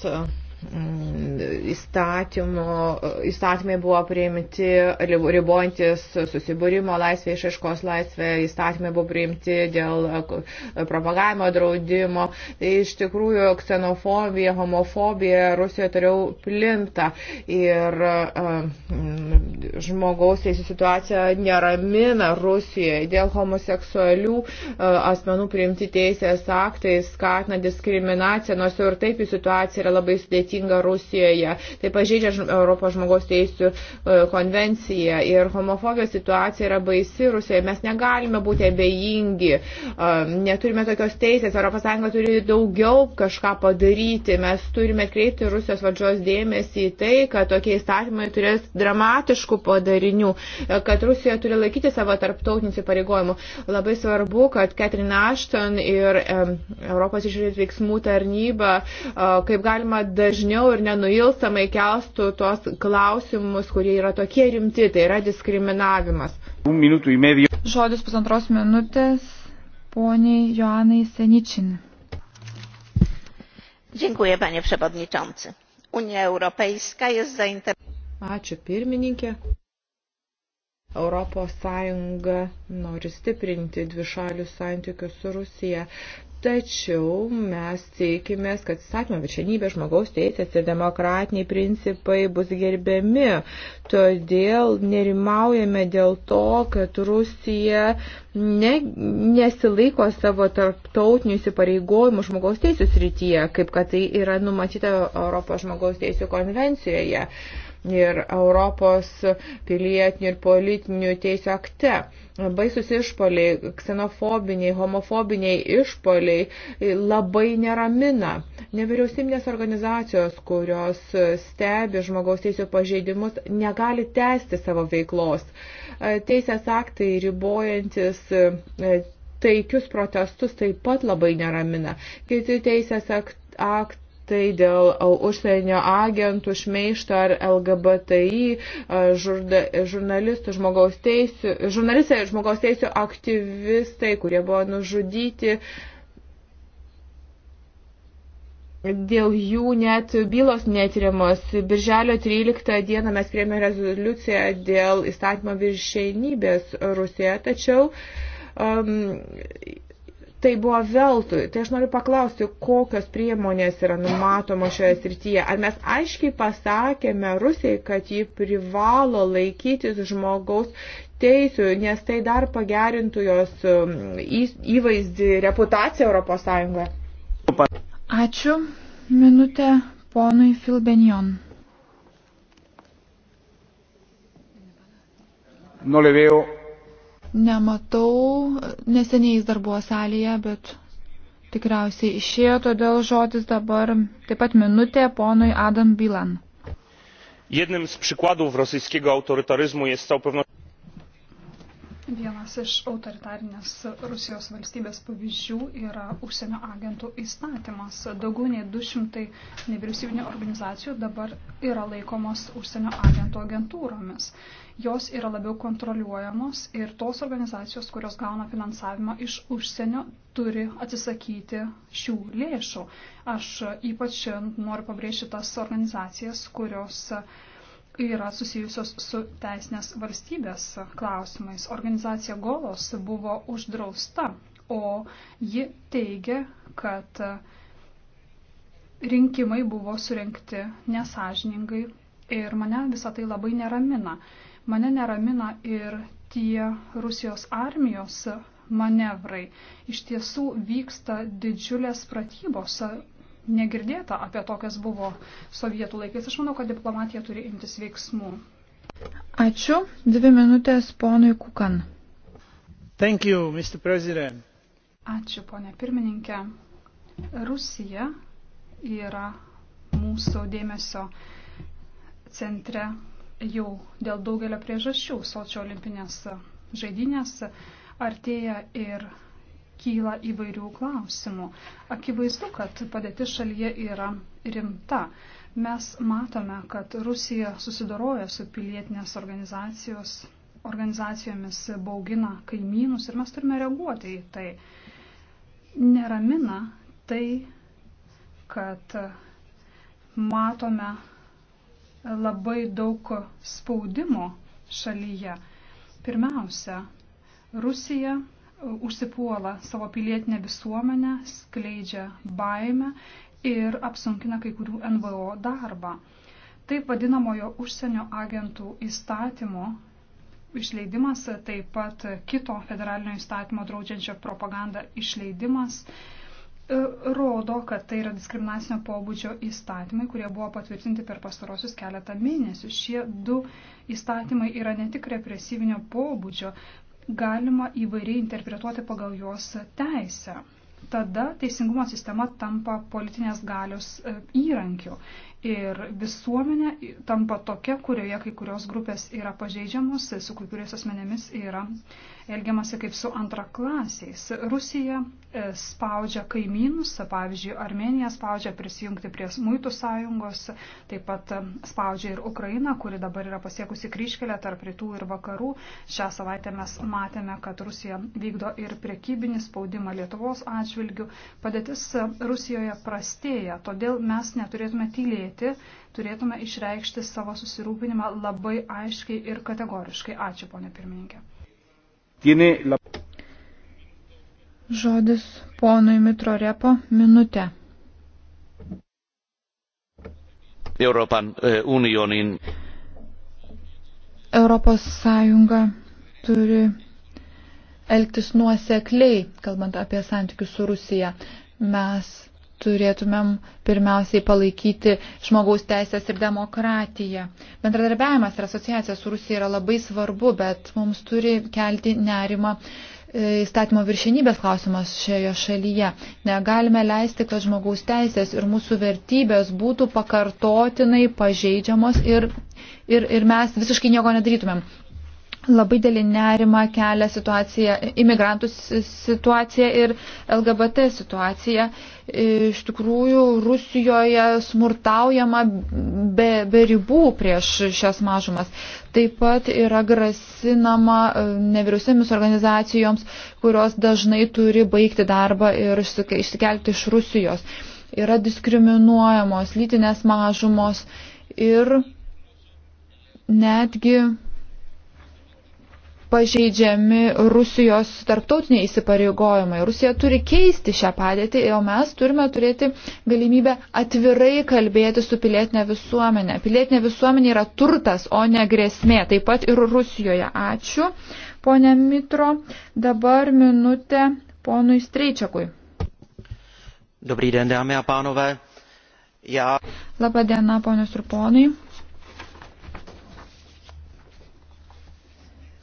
Mm, įstatymo, įstatymai buvo priimti ribojantis susibūrimo laisvę, išaiškos laisvę, įstatymai buvo priimti dėl e, propagavimo draudimo. Tai iš tikrųjų ksenofobija, homofobija Rusijoje toliau plinta ir e, mm, žmogaus teisų situacija neramina Rusijoje. Dėl homoseksualių e, asmenų priimti teisės aktai skatina diskriminaciją, nors jau ir taip jų situacija yra labai sudėtinga sudėtinga Rusijoje. Tai pažeidžia Europos žmogaus teisų e, konvenciją ir homofobijos situacija yra baisi Rusijoje. Mes negalime būti abejingi, e, neturime tokios teisės. ES turi daugiau kažką padaryti. Mes turime kreipti Rusijos valdžios dėmesį į tai, kad tokie įstatymai turės dramatiškų padarinių, e, kad Rusija turi laikyti savo tarptautinių įsipareigojimų. Labai svarbu, kad Catherine Ashton ir Europos išorės veiksmų tarnyba kaip galima dažniau dažniau ir nenuilsamai kelstų tuos klausimus, kurie yra tokie rimti, tai yra diskriminavimas. Žodis pusantros minutės poniai Joanai Seničin. Dziękuję, panie przewodniczący. Unia Europejska jest zainteresowana. Ačiū pirmininkė. Europos Sąjunga nori stiprinti dvišalius santykius su Rusija. Tačiau mes tikimės, kad įstatymo viršenybė, žmogaus teisės ir demokratiniai principai bus gerbiami. Todėl nerimaujame dėl to, kad Rusija ne, nesilaiko savo tarptautinių įsipareigojimų žmogaus teisės rytyje, kaip kad tai yra numatyta Europos žmogaus teisų konvencijoje. Uh, ir Europos pilietinių ir politinių teisų akte. Baisus išpoliai, ksenofobiniai, homofobiniai išpoliai labai neramina. Nevyriausybinės organizacijos, kurios stebi žmogaus teisų pažeidimus, negali tęsti savo veiklos. Teisės aktai ribojantis e, taikius protestus taip pat labai neramina. Kiti teisės aktai akt, tai dėl e, užsienio agentų šmeišto ar LGBTI e, žurda, žurnalistų, žmogaus teisų, žurnalistai ir žmogaus teisų aktyvistai, kurie buvo nužudyti. Dėl jų net bylos netyrimos. Birželio 13 dieną mes priėmė rezoliuciją dėl įstatymo viršeinybės Rusijoje, tačiau um, tai buvo veltui. Tai aš noriu paklausti, kokios priemonės yra numatoma šioje srityje. Ar mes aiškiai pasakėme Rusijai, kad ji privalo laikytis žmogaus teisių, nes tai dar pagerintų jos um, įvaizdį, reputaciją Europos Sąjungoje? Ačiū. Minutė ponui Filbenion. No le veo nematau, neseniai jis dar buvo salėje, bet tikriausiai išėjo, todėl žodis dabar taip pat minutė ponui Adam Bilan. Jednym z przykładów rosyjskiego autorytaryzmu jest z całą pewnością. Vienas iš autoritarinės Rusijos valstybės pavyzdžių yra užsienio agentų įstatymas. Daugiau nei 200 nevyriausybinio organizacijų dabar yra laikomos užsienio agentų agentūromis jos yra labiau kontroliuojamos ir tos organizacijos, kurios gauna finansavimą iš užsienio, turi atsisakyti šių lėšų. Aš ypač noriu pabrėžti tas organizacijas, kurios yra susijusios su teisinės valstybės klausimais. Organizacija Golos buvo uždrausta, o ji teigia, kad rinkimai buvo surenkti nesažiningai ir mane visą tai labai neramina. Mane neramina ir tie Rusijos armijos manevrai. Iš tiesų vyksta didžiulės pratybos. Negirdėta apie tokias buvo sovietų laikais. Aš manau, kad diplomatija turi imtis veiksmų. Ačiū. Dvi minutės ponui Kukan. Thank you, Mr. President. Ačiū, ponė pirmininkė. Rusija yra mūsų dėmesio centre jau dėl daugelio priežasčių sočio olimpinės žaidynės artėja ir kyla įvairių klausimų. Akivaizdu, kad padėtis šalyje yra rimta. Mes matome, kad Rusija susidoroja su pilietinės organizacijos, organizacijomis, baugina kaimynus ir mes turime reaguoti į tai. Neramina tai, kad matome labai daug spaudimo šalyje. Pirmiausia, Rusija e, užsipuola savo pilietinę visuomenę, skleidžia baimę ir apsunkina kai kurių NVO darbą. Taip vadinamojo užsienio agentų įstatymo išleidimas, taip pat kito federalinio įstatymo draudžiančio propagandą išleidimas E, rodo, kad tai yra diskriminacinio pobūdžio įstatymai, kurie buvo patvirtinti per pastarosius keletą mėnesių. Šie du įstatymai yra ne tik represyvinio pobūdžio, galima įvairiai interpretuoti pagal juos teisę. Tada teisingumo sistema tampa politinės galios e, įrankiu Ir visuomenė tampa tokia, kurioje kai kurios grupės yra pažeidžiamos, su kai kuriais asmenėmis yra elgiamasi kaip su antraklasiais. Rusija e, spaudžia kaimynus, pavyzdžiui, Armenija spaudžia prisijungti prie muitų sąjungos, taip pat e, spaudžia ir Ukraina, kuri dabar yra pasiekusi kryškelę tarp rytų ir vakarų. Šią savaitę mes matėme, kad Rusija vykdo ir priekybinį spaudimą Lietuvos atžvilgių. Padėtis e, Rusijoje prastėja, todėl mes neturėtume tylėti padėtį, turėtume išreikšti savo susirūpinimą labai aiškiai ir kategoriškai. Ačiū, ponė pirmininkė. Žodis ponui Mitro Repo minutė. Euroopan eh, unionin. Europos Sąjunga turi elgtis nuosekliai, kalbant apie santykius su Rusija. Mes turėtumėm pirmiausiai palaikyti žmogaus teisės ir demokratiją. Bendradarbiavimas ir asociacija su Rusija yra labai svarbu, bet mums turi kelti nerimą e, įstatymo viršenybės klausimas šioje šalyje. Negalime leisti, kad žmogaus teisės ir mūsų vertybės būtų pakartotinai pažeidžiamos ir, ir, ir mes visiškai nieko nedarytumėm. Labai dėlį nerimą kelia situacija, imigrantų situacija ir LGBT situacija. Iš tikrųjų, Rusijoje smurtaujama be, be ribų prieš šias mažumas. Taip pat yra grasinama e, nevyriausybėmis organizacijoms, kurios dažnai turi baigti darbą ir išsikelti iš Rusijos. Yra diskriminuojamos lytinės mažumos ir netgi pažeidžiami Rusijos tarptautiniai įsipareigojimai. Rusija turi keisti šią padėtį, o mes turime turėti galimybę atvirai kalbėti su pilietinė visuomenė. Pilietinė visuomenė yra turtas, o ne grėsmė. Taip pat ir Rusijoje. Ačiū, ponė Mitro. Dabar minutė ponui Streičiakui. Dobrý den, dámy a pánové. Já... Labą dieną, ponios ir ponai.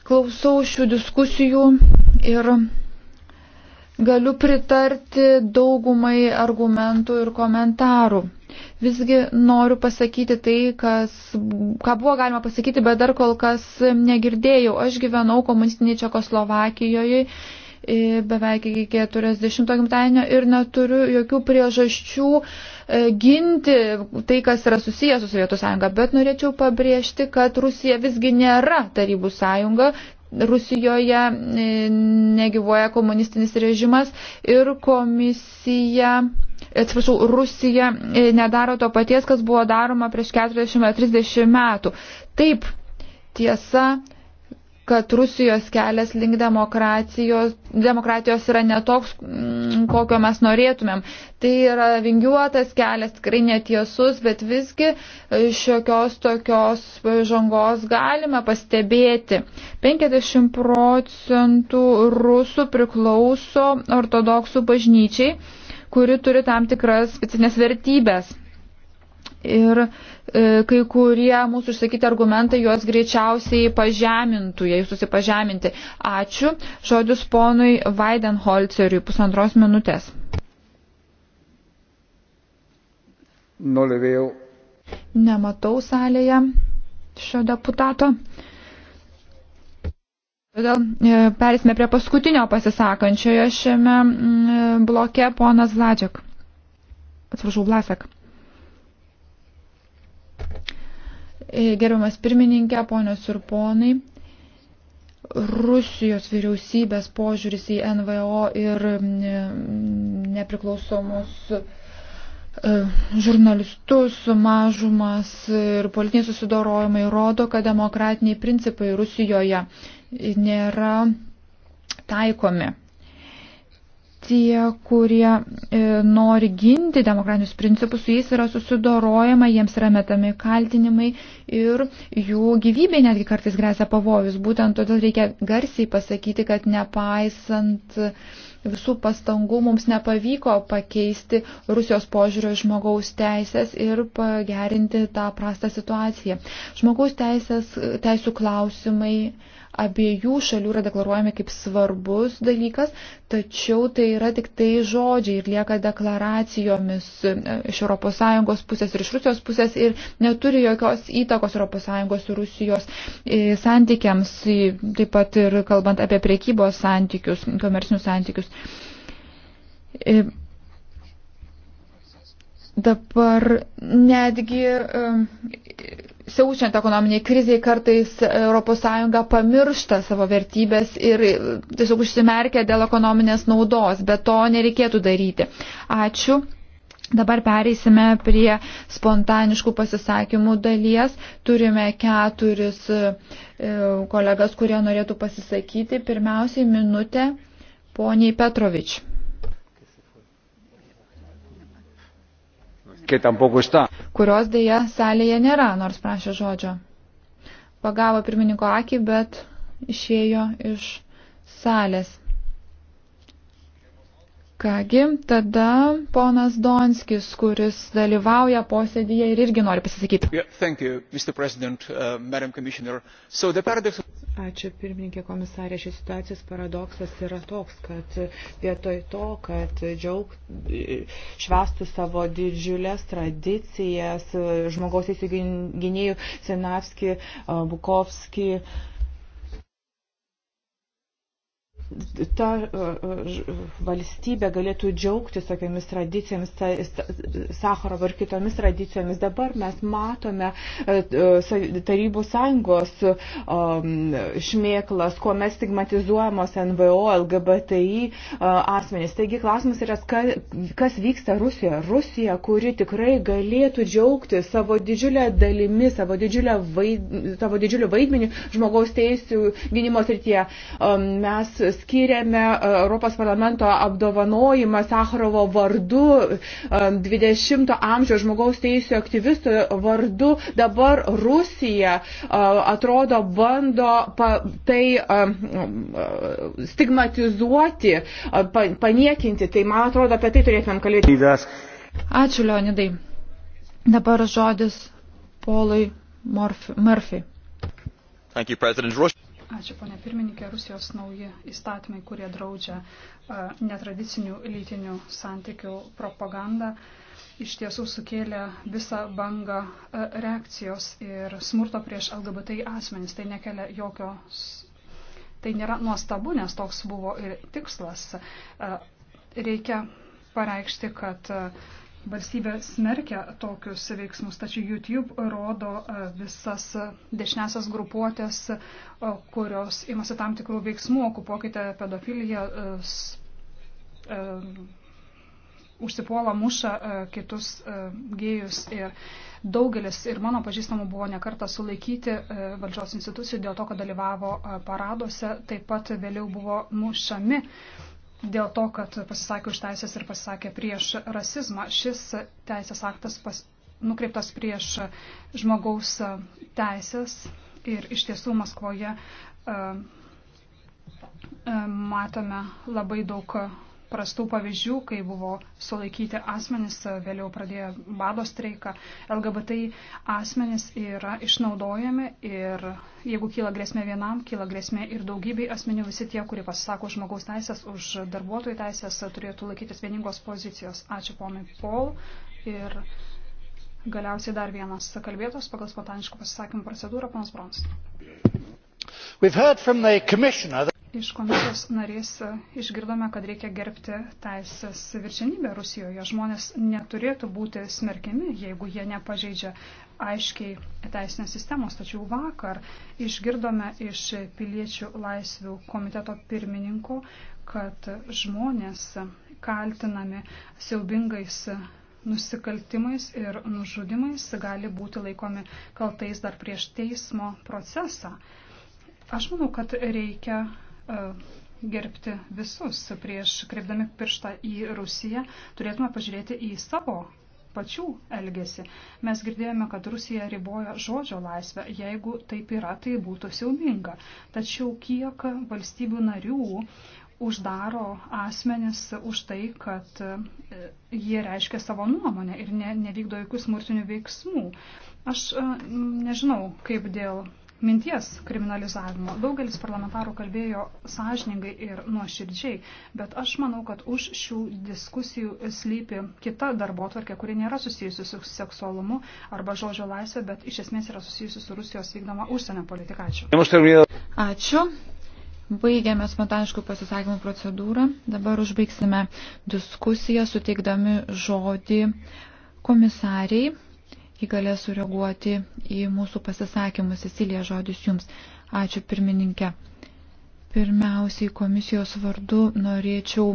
klausau šių diskusijų ir galiu pritarti daugumai argumentų ir komentarų. Visgi noriu pasakyti tai, kas, ką buvo galima pasakyti, bet dar kol kas negirdėjau. Aš gyvenau komunistinėje Čekoslovakijoje beveik iki 40 gimtadienio ir neturiu jokių priežasčių e, ginti tai, kas yra susijęs su Sovietų sąjunga, bet norėčiau pabrėžti, kad Rusija visgi nėra tarybų sąjunga, Rusijoje e, negyvoja komunistinis režimas ir komisija, atsiprašau, Rusija e, nedaro to paties, kas buvo daroma prieš 40-30 metų. Taip, tiesa, kad Rusijos kelias link demokratijos, demokratijos yra netoks, mm, kokio mes norėtumėm. Tai yra vingiuotas kelias, tikrai netiesus, bet visgi e, šiokios tokios žangos galime pastebėti. 50 procentų rusų priklauso ortodoksų bažnyčiai, kuri turi tam tikras specifines vertybės. Ir e, kai kurie mūsų išsakyti argumentai juos greičiausiai pažemintų, jei susipažeminti. Ačiū. Žodis ponui Vaidenholceriui pusantros minutės. Nolevėjau. Nematau salėje šio deputato. Todėl e, perėsime prie paskutinio pasisakančiojo šiame bloke ponas Vladžiak. Atsiprašau, Vlasak. E, gerbiamas pirmininkė, ponios ir ponai, Rusijos vyriausybės požiūris į NVO ir mm, e, nepriklausomus e, žurnalistus, mažumas ir politiniai susidorojimai rodo, kad demokratiniai principai Rusijoje nėra taikomi tie, kurie e, nori ginti demokratinius principus, su jais yra susidorojama, jiems yra metami kaltinimai ir jų gyvybė netgi kartais grėsia pavojus. Būtent todėl reikia garsiai pasakyti, kad nepaisant visų pastangų mums nepavyko pakeisti Rusijos požiūrio į žmogaus teisės ir pagerinti tą prastą situaciją. Žmogaus teisės, teisų klausimai abiejų šalių yra deklaruojami kaip svarbus dalykas, tačiau tai yra tik tai žodžiai ir lieka deklaracijomis e, iš ES pusės ir iš Rusijos pusės ir neturi jokios įtakos ES ir Rusijos e, santykiams, taip pat ir kalbant apie priekybos santykius, komercinius santykius. E, dabar netgi siaučiant ekonominiai kriziai kartais ES pamiršta savo vertybės ir tiesiog užsimerkia dėl ekonominės naudos, bet to nereikėtų daryti. Ačiū. Dabar pereisime prie spontaniškų pasisakymų dalies. Turime keturis e, kolegas, kurie norėtų pasisakyti. Pirmiausiai minutę poniai Petrovič. kurios dėja salėje nėra, nors prašė žodžio. Pagavo pirmininko akį, bet išėjo iš salės. Kągi, tada ponas Donskis, kuris dalyvauja posėdėje ir irgi nori pasisakyti. Yeah, you, uh, so paradox... Ačiū, pirmininkė komisarė. Šis situacijos paradoksas yra toks, kad vietoj to, kad džiaug švestų savo didžiulės tradicijas, žmogaus įsigynėjų Sinavski, uh, Bukovski, uh, ta e, e, valstybė galėtų džiaugtis tokiamis tradicijomis, Sakharovo ir kitomis tradicijomis. Dabar mes matome e, Tarybų sąjungos šmėklas, kuomet stigmatizuojamos NVO, LGBTI asmenys. Taigi klausimas yra, kas vyksta Rusijoje. Rusija, kuri tikrai galėtų džiaugtis savo didžiulę dalimi, savo, didžiulę vaid, savo didžiuliu vaidmeniu žmogaus teisų gynimo srityje. Mes skiriame e, Europos parlamento apdovanojimą Sakharovo vardu, 20-ojo e, amžiaus žmogaus teisų aktyvistų vardu. Dabar Rusija e, atrodo bando tai stigmatizuoti, paniekinti. Tai man atrodo, apie tai turėtumėm kalbėti. Ačiū, Leonidai. Dabar žodis Polui Murphy. Thank you, President Rush. Ačiū, ponė pirmininkė. Rusijos nauji įstatymai, kurie draudžia netradicinių lytinių santykių propagandą, iš tiesų sukėlė visą bangą reakcijos ir smurto prieš LGBT asmenys. Tai nekelia jokios. Tai nėra nuostabu, nes toks buvo ir tikslas. Reikia pareikšti, kad Valstybė smerkia tokius veiksmus, tačiau YouTube rodo e, visas dešinėsias grupuotės, e, kurios imasi tam tikrų veiksmų, okupuokite pedofiliją, e, užsipuola muša kitus gėjus ir daugelis ir mano pažįstamų buvo nekarta sulaikyti valdžios institucijų dėl to, kad dalyvavo paraduose, taip pat vėliau buvo mušami dėl to, kad pasisakė už teisės ir pasisakė prieš rasizmą. Šis teisės aktas pas, nukreiptas prieš žmogaus teisės ir iš tiesų Maskvoje uh, uh, matome labai daug prastų pavyzdžių, kai buvo sulaikyti asmenys, vėliau pradėjo bado streiką. LGBT asmenys yra išnaudojami ir jeigu kyla grėsmė vienam, kyla grėsmė ir daugybei asmenių, visi tie, kurie pasisako už žmogaus teisės, už darbuotojų teisės, turėtų laikytis vieningos pozicijos. Ačiū ponui Paul ir galiausiai dar vienas kalbėtos pagal spontaniškų pasisakymų procedūrą, ponas Brons. We've heard from the commissioner that Iš komisijos narės išgirdome, kad reikia gerbti teisės viršinybę Rusijoje. Žmonės neturėtų būti smerkiami, jeigu jie nepažeidžia aiškiai teisinės sistemos. Tačiau vakar išgirdome iš piliečių laisvių komiteto pirmininko, kad žmonės kaltinami siaubingais nusikaltimais ir nužudimais gali būti laikomi kaltais dar prieš teismo procesą. Aš manau, kad reikia E, gerbti visus. Prieš kreipdami pirštą į Rusiją turėtume pažiūrėti į savo pačių elgesį. Mes girdėjome, kad Rusija riboja žodžio laisvę. Jeigu taip yra, tai būtų siaubinga. Tačiau kiek valstybių narių uždaro asmenis už tai, kad e, jie reiškia savo nuomonę ir ne, nevykdo jokių smurtinių veiksmų. Aš e, nežinau, kaip dėl minties kriminalizavimo. Daugelis parlamentarų kalbėjo sąžiningai ir nuoširdžiai, bet aš manau, kad už šių diskusijų slypi kita darbo tvarkė, kuri nėra susijusi su seksualumu arba žodžio laisvė, bet iš esmės yra susijusi su Rusijos vykdoma užsienio politika. Ačiū. Ačiū. Baigėme spontaniškų pasisakymų procedūrą. Dabar užbaigsime diskusiją suteikdami žodį komisariai. Ji galės sureaguoti į mūsų pasisakymus. Cecilija, žodis jums. Ačiū pirmininkė. Pirmiausiai komisijos vardu norėčiau,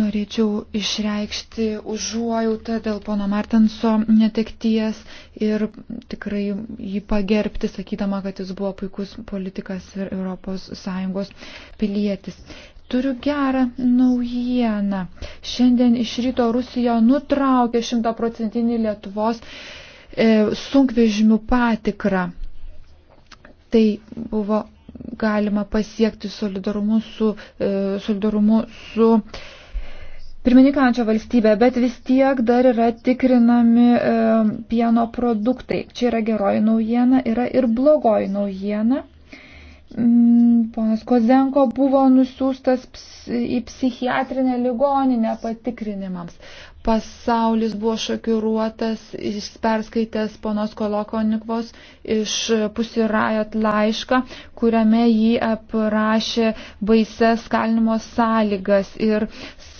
norėčiau išreikšti užuojautą dėl pono Martenso netekties ir tikrai jį pagerbti, sakydama, kad jis buvo puikus politikas ir ES pilietis. Turiu gerą naujieną. Šiandien iš ryto Rusija nutraukė šimtaprocentinį Lietuvos e, sunkvežimių patikrą. Tai buvo galima pasiekti solidarumu su, e, solidarumu su pirmininkančia valstybė, bet vis tiek dar yra tikrinami e, pieno produktai. Čia yra geroji naujiena, yra ir blogoji naujiena. Mm, ponas Kozenko buvo nusiųstas į psichiatrinę ligoninę patikrinimams. Pasaulis buvo šokiruotas, perskaitęs ponos Kolokonikvos iš pusirajot laišką, kuriame jį aprašė baises kalinimo sąlygas ir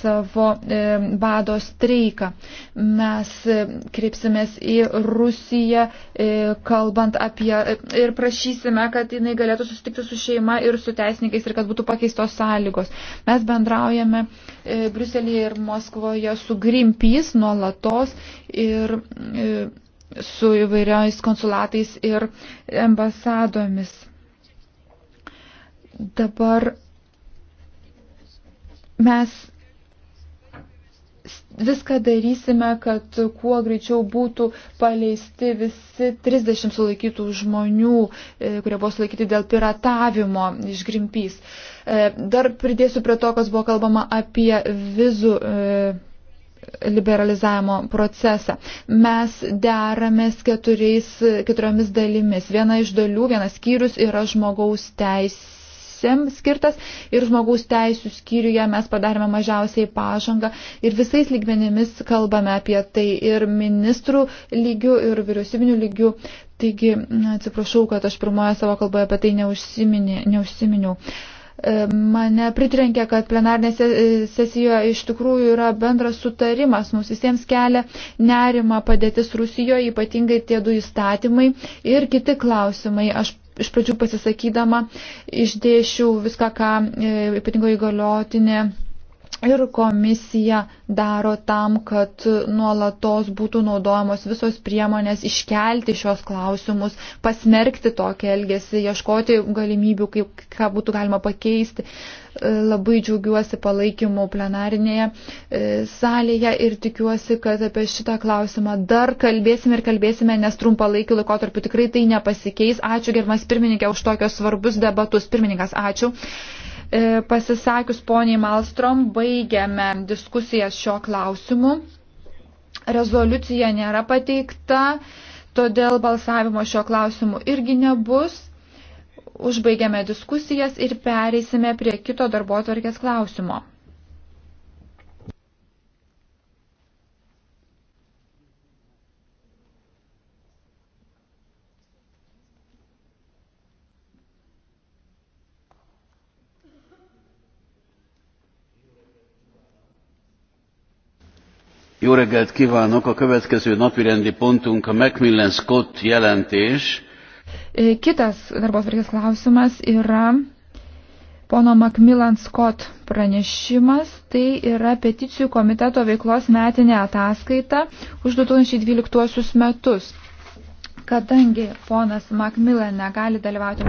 savo e, bado streiką. Mes e, kreipsimės į Rusiją, e, kalbant apie ir prašysime, kad jinai galėtų susitikti su šeima ir su teisininkais ir kad būtų pakeistos sąlygos. Mes bendraujame Briuselėje ir Moskvoje su Greenpeace nuolatos ir su įvairiais konsulatais ir ambasadomis. Dabar mes viską darysime, kad kuo greičiau būtų paleisti visi 30 sulaikytų žmonių, e, kurie buvo sulaikyti dėl piratavimo iš Grimpys. E, dar pridėsiu prie to, kas buvo kalbama apie vizų e, liberalizavimo procesą. Mes deramės keturiais, keturiomis dalimis. Viena iš dalių, vienas skyrius yra žmogaus teisė narėm skirtas ir žmogaus teisų skyriuje mes padarėme mažiausiai pažangą ir visais lygmenimis kalbame apie tai ir ministrų lygių, ir vyriausybinių lygių. Taigi, atsiprašau, kad aš pirmoje savo kalboje apie tai neužsiminiau e, mane pritrenkė, kad plenarnėse sesijoje iš tikrųjų yra bendras sutarimas. Mums visiems kelia nerima padėtis Rusijoje, ypatingai tie du įstatymai ir kiti klausimai. Aš iš pradžių pasisakydama išdėšiau viską, ką e, ypatingo įgaliotinė Ir komisija daro tam, kad nuolatos būtų naudojamos visos priemonės iškelti šios klausimus, pasmerkti tokį elgesį, ieškoti galimybių, kaip, ką būtų galima pakeisti. E, labai džiaugiuosi palaikymu plenarinėje e, salėje ir tikiuosi, kad apie šitą klausimą dar kalbėsime ir kalbėsime, nes trumpalaikiu laikotarpiu tikrai tai nepasikeis. Ačiū, germas pirmininkė, už tokios svarbius debatus. Pirmininkas, ačiū. E, pasisakius poniai Malstrom, baigiame diskusijas šio klausimu. Rezoliucija nėra pateikta, todėl balsavimo šio klausimu irgi nebus. Užbaigiame diskusijas ir pereisime prie kito darbo atvarkės klausimo. Jó reggelt kívánok! A következő napirendi pontunk a Macmillan Scott jelentés. Kitas darbotvarkės klausimas yra pono Macmillan Scott pranešimas. Tai yra peticijų komiteto veiklos metinė ataskaita už 2012 metus. Kadangi ponas Macmillan negali dalyvauti